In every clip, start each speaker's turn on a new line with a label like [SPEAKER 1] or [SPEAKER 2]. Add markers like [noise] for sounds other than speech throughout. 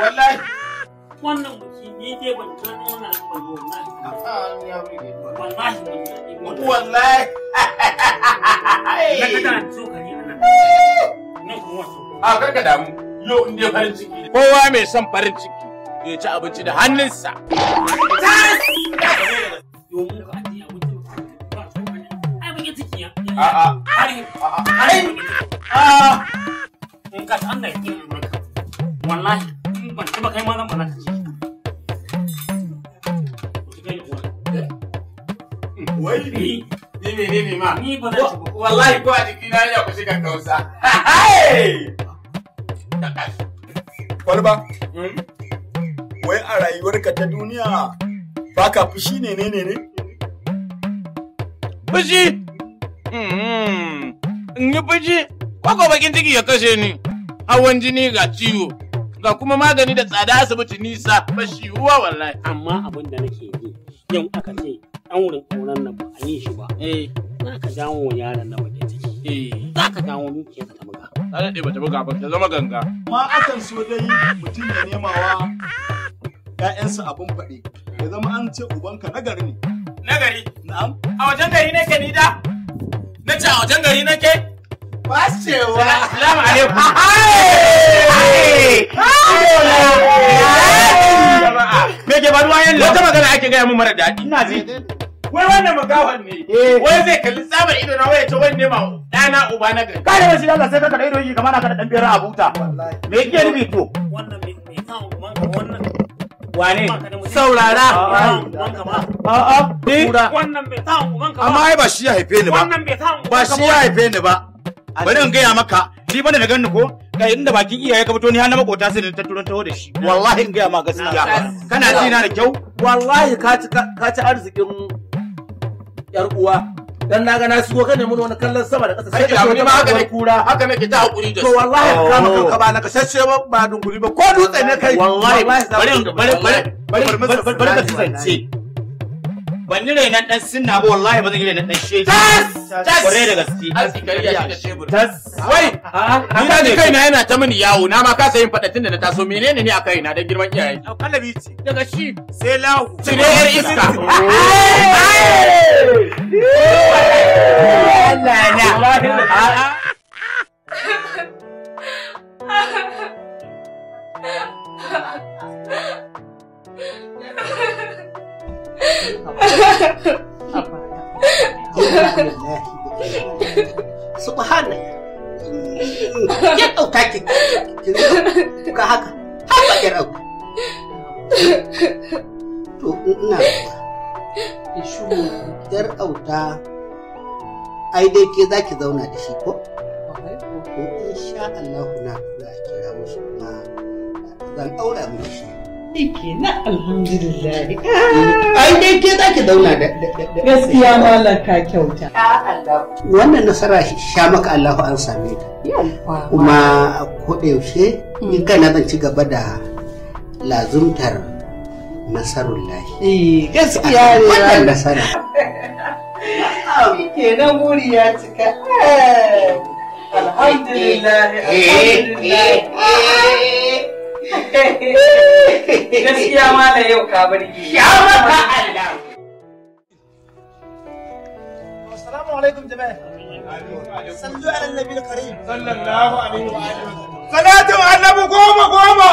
[SPEAKER 1] wallahi wannan biki ni dai ban wallahi a wallahi wallahi na kada anan kuma a karka damu yau in dai farin ciki kowa mai son farin ciki ya ci abinci da hannunsa domin ya a'a a'a in ka san da ke wallahi ba kai ma zan ba ka jiki ya kwalba wai a rayuwarka ta duniya fushi ne ne ne ne fushi hmm, in yi fushi kwakwa bakin ciki ya kashe ni hawan jini ga ciwo ga kuma magani da tsada asibiti nisa bashi ruwa wallahi amma abin da nake yi yau aka ce an wurin auren nan ba a yi shi ba eh za ka dawo wa yaran nan waje ciki eh za ka dawo ke ta buga ta dade bata buga ba ta zama ganga ma akan so dai mutum ya nemawa ƴaƴansa abin faɗi ya zama an ce ubanka nagari ne nagari na'am
[SPEAKER 2] a wajen gari nake ni da
[SPEAKER 1] na ce a wajen gari nake Fashewa. Salamu alaikum. Me ke faruwa yan Wata magana ake gaya mun mara daɗi. Ina ji. Wai wannan makawan ne. Eh. Wai zai kalli tsabar ido na waya ta wanne ma ɗana uba na gari. Kare mashi Allah sai ka kaɗa ido yi kamar na kaɗa ɗan biyar a buta. Me yake nufi to? Wannan me kawo wannan wane
[SPEAKER 2] saurara a'a eh.
[SPEAKER 1] ni amma ai ba shi ya haife ni ba ba shi ya haife ni ba bari in gaya maka ni bane da ganni ko inda bakin iyaye ka fito ni har na makota sai ta turan taho da shi wallahi in gaya maka gaskiya kana ji na da kyau wallahi ka ci ka ci arzikin yar uwa dan na ga na shigo ka nemi wani kallon sama da ƙasa sai ka wani maganin kura haka ke ta hakuri to wallahi ka kama kanka ba na ka ba ba dunguri ba ko dutse ne kai wallahi bari bari bari bari bari bari bari bari ban ni renan dan sunna ba wallahi ba zan yi renan dan shehi tas tas kore da gaske tas wai ni da kai na yana ta mini yawo na ma ka sayin fadatin da na taso menene ne a kai na dan girman iyaye kalabi ce daga shi sai lahu cireyar iska [laughs] Allah na subhanallah ya ɗauka oh, ki ka haka haka ya ɗauka to ina da ishu yar auta ai dai ke za ki zauna da shi ko in sha Allah na kira musu kuma zan aura miki Yake na alhamdulillah. Ai dai ke za ki dauna da gaskiya malam ka kyauta. Wannan nasara sha maka Allahu an same ta. Kuma ko da yaushe hmm. in kana zan ci gaba da lazumtar nasarullahi. Eh gaskiya ne. Wannan nasara. [laughs] Kenan buri ya cika. Eh, eh, eh, alhamdulillah. Alhamdulillah. Gaskiya ma na yau ka barge. Ya maka Allah. Assalamu alaikum jama'a. Sallu ala karim. Sallallahu alaihi wa alihi. Salatu annabi goma goma.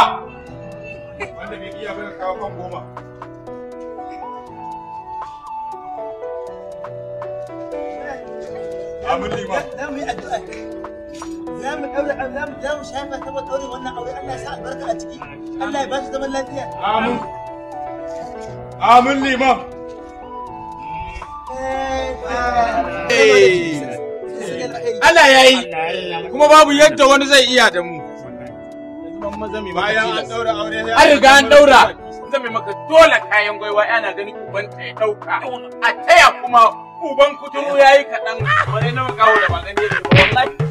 [SPEAKER 1] Wanda bai iya ba kawo kan goma. Amin mu yi addu'a. za mu shafa daure wannan aure Allah ya sa albarka a ciki Allah ya ba shi zaman lafiya amin amin liman eh, Allah ya yi kuma babu yadda wani zai iya da mu bayan an daura aure an riga an daura maka dole kayan gwaiwa yana ganin uban ta ya dauka a taya kuma uban kuturu yi kaɗan wani nawa kawo da ba gani wallahi